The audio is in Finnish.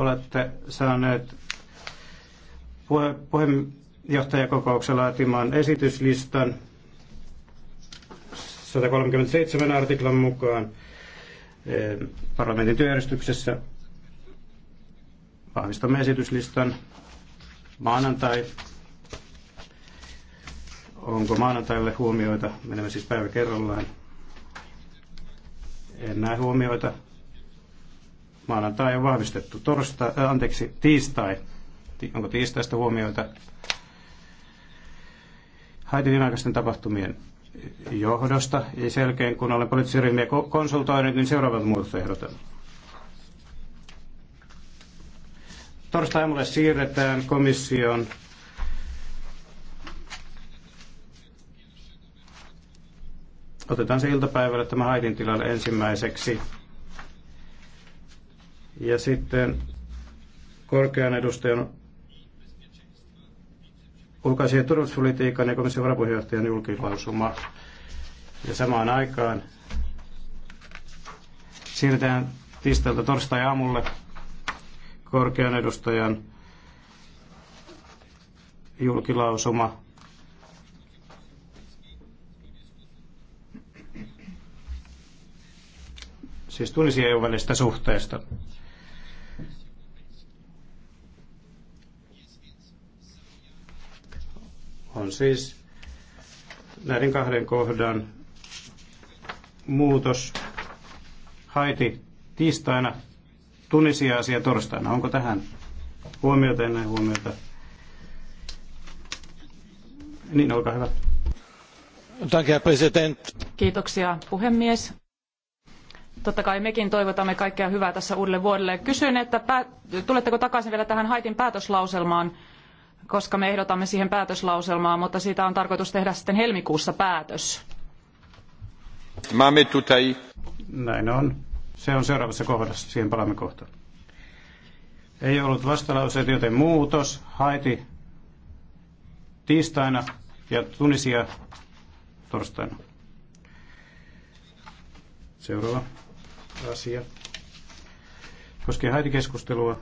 olette saaneet puhe- puheenjohtajakokouksen laatimaan esityslistan 137 artiklan mukaan eh, parlamentin työjärjestyksessä. Vahvistamme esityslistan maanantai. Onko maanantaille huomioita? Menemme siis päivä kerrallaan. En näe huomioita. Maanantai on vahvistettu. Torstai, äh, anteeksi, tiistai. Onko tiistaista huomioita? Haitin aikaisten tapahtumien johdosta ja sen jälkeen, kun olen poliittisia ryhmiä konsultoinut, niin seuraavat torstai mulle siirretään komission Otetaan se iltapäivällä tämä Haitin tilalle ensimmäiseksi ja sitten korkean edustajan ulkoisen ja turvallisuuspolitiikan ja komission varapuheenjohtajan julkilausuma. Ja samaan aikaan siirretään tiistailta torstai-aamulle korkean edustajan julkilausuma siis Tunisian välistä suhteesta. on siis näiden kahden kohdan muutos Haiti tiistaina, Tunisia-asia torstaina. Onko tähän huomiota ennen huomiota? Niin, olkaa hyvä. Kiitoksia puhemies. Totta kai mekin toivotamme kaikkea hyvää tässä uudelle vuodelle. Kysyn, että pää- tuletteko takaisin vielä tähän Haitin päätöslauselmaan? koska me ehdotamme siihen päätöslauselmaa, mutta siitä on tarkoitus tehdä sitten helmikuussa päätös. Näin on. Se on seuraavassa kohdassa. Siihen palaamme kohta. Ei ollut vastalauseet, joten muutos. Haiti tiistaina ja Tunisia torstaina. Seuraava asia. Koskee Haiti-keskustelua.